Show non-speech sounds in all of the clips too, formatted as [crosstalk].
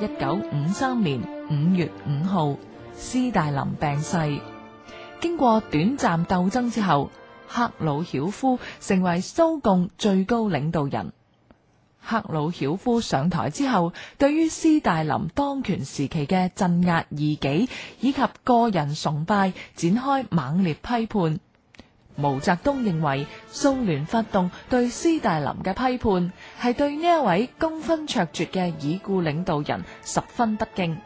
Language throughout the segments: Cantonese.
一九五三年五月五號，斯大林病逝。經過短暫鬥爭之後，赫魯曉夫成為蘇共最高領導人。赫魯曉夫上台之後，對於斯大林當權時期嘅鎮壓異己以及個人崇拜展開猛烈批判。毛澤東認為蘇聯發動對斯大林嘅批判，係對呢一位功勳卓絕嘅已故領導人十分不敬，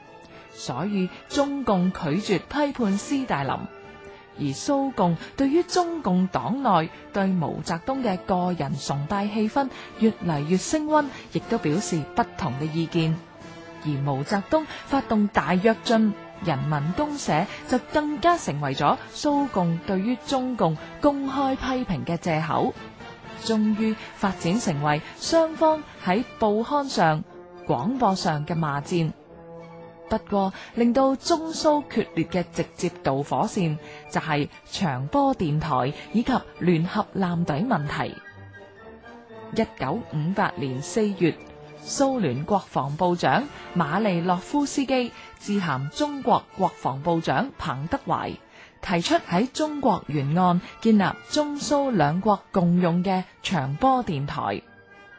所以中共拒絕批判斯大林，而蘇共對於中共黨內對毛澤東嘅個人崇拜氣氛越嚟越升温，亦都表示不同嘅意見。而毛澤東發動大躍進、人民公社，就更加成為咗蘇共對於中共公開批評嘅借口。終於發展成為雙方喺報刊上、廣播上嘅罵戰。不過，令到中蘇決裂嘅直接導火線就係、是、長波電台以及聯合艦隊問題。一九五八年四月，蘇聯國防部長馬利諾夫斯基致函中國國防部長彭德懷。提出喺中國沿岸建立中蘇兩國共用嘅長波電台，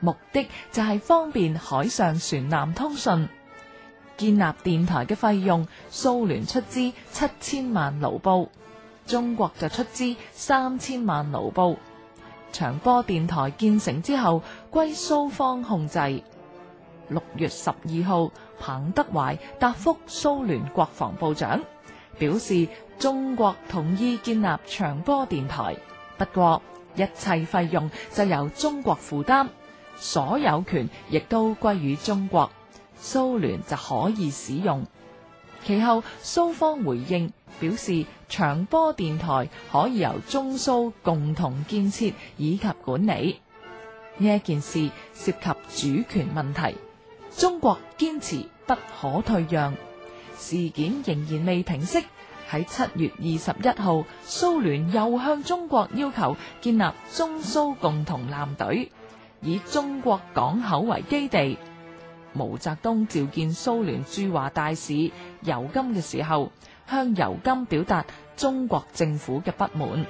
目的就係方便海上船艦通訊。建立電台嘅費用，蘇聯出資七千萬盧布，中國就出資三千萬盧布。長波電台建成之後，歸蘇方控制。六月十二號，彭德懷答覆蘇聯國防部長。表示中國同意建立長波電台，不過一切費用就由中國負擔，所有權亦都歸於中國。蘇聯就可以使用。其後蘇方回應表示，長波電台可以由中蘇共同建設以及管理。呢一件事涉及主權問題，中國堅持不可退讓。事件仍然未平息。喺七月二十一號，蘇聯又向中國要求建立中蘇共同艦隊，以中國港口為基地。毛澤東召見蘇聯駐華大使尤金嘅時候，向尤金表達中國政府嘅不滿。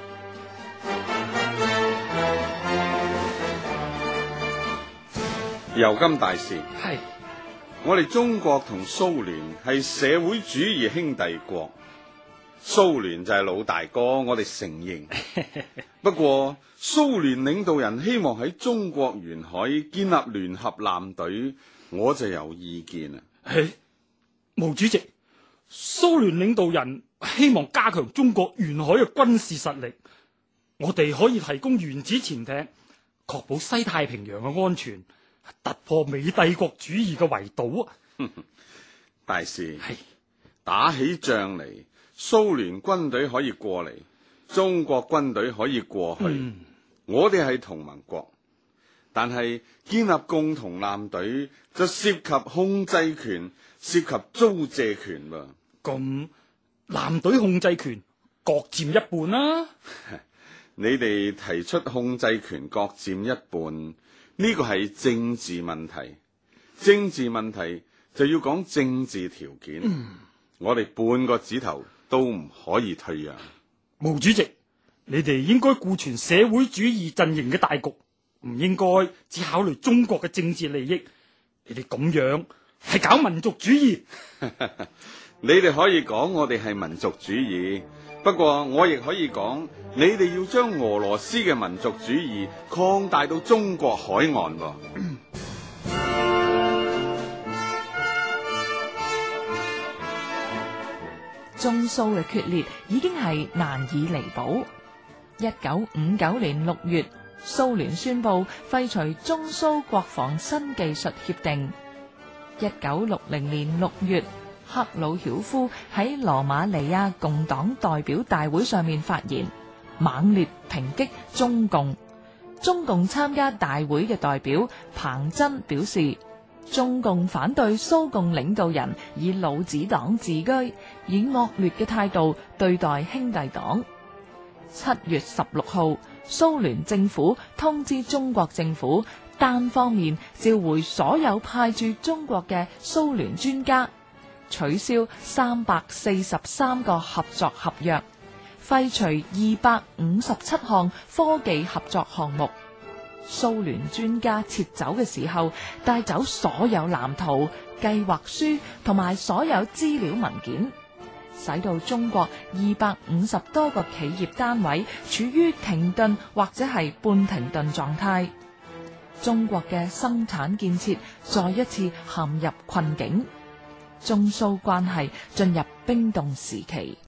尤金大使係。我哋中國同蘇聯係社會主義兄弟國，蘇聯就係老大哥，我哋承認。 [laughs] 不過蘇聯領導人希望喺中國沿海建立聯合艦隊，我就有意見啦。嘿，毛主席，蘇聯領導人希望加強中國沿海嘅軍事實力，我哋可以提供原子潛艇，確保西太平洋嘅安全。突破美帝國主義嘅圍堵啊！哼哼 [laughs] 使，大事係打起仗嚟，蘇聯軍隊可以過嚟，中國軍隊可以過去。嗯、我哋係同盟國，但係建立共同艦隊就涉及控制權，涉及租借權。咁艦、嗯、隊控制權各占一半啦、啊。 [laughs] 你哋提出控制權各占一半，呢個係政治問題。政治問題就要講政治條件。嗯、我哋半個指頭都唔可以退讓。毛主席，你哋應該顧全社會主義陣營嘅大局，唔應該只考慮中國嘅政治利益。你哋咁樣係搞民族主義。 [laughs] 你哋可以講我哋係民族主義，不過我亦可以講，你哋要將俄羅斯嘅民族主義擴大到中國海岸喎。中蘇嘅決裂已經係難以彌補。一九五九年六月，蘇聯宣布廢除中蘇國防新技術協定。一九六零年六月。克魯曉夫喺羅馬尼亞共黨代表大會上面發言，猛烈抨擊中共。中共參加大會嘅代表彭真表示，中共反對蘇共領導人以老子黨自居，以惡劣嘅態度對待兄弟黨。七月十六號，蘇聯政府通知中國政府，單方面召回所有派駐中國嘅蘇聯專家。取消三百四十三個合作合約，廢除二百五十七項科技合作項目。蘇聯專家撤走嘅時候，帶走所有藍圖、計劃書同埋所有資料文件，使到中國二百五十多個企業單位處於停頓或者係半停頓狀態。中國嘅生產建設再一次陷入困境。中蘇關係進入冰凍時期。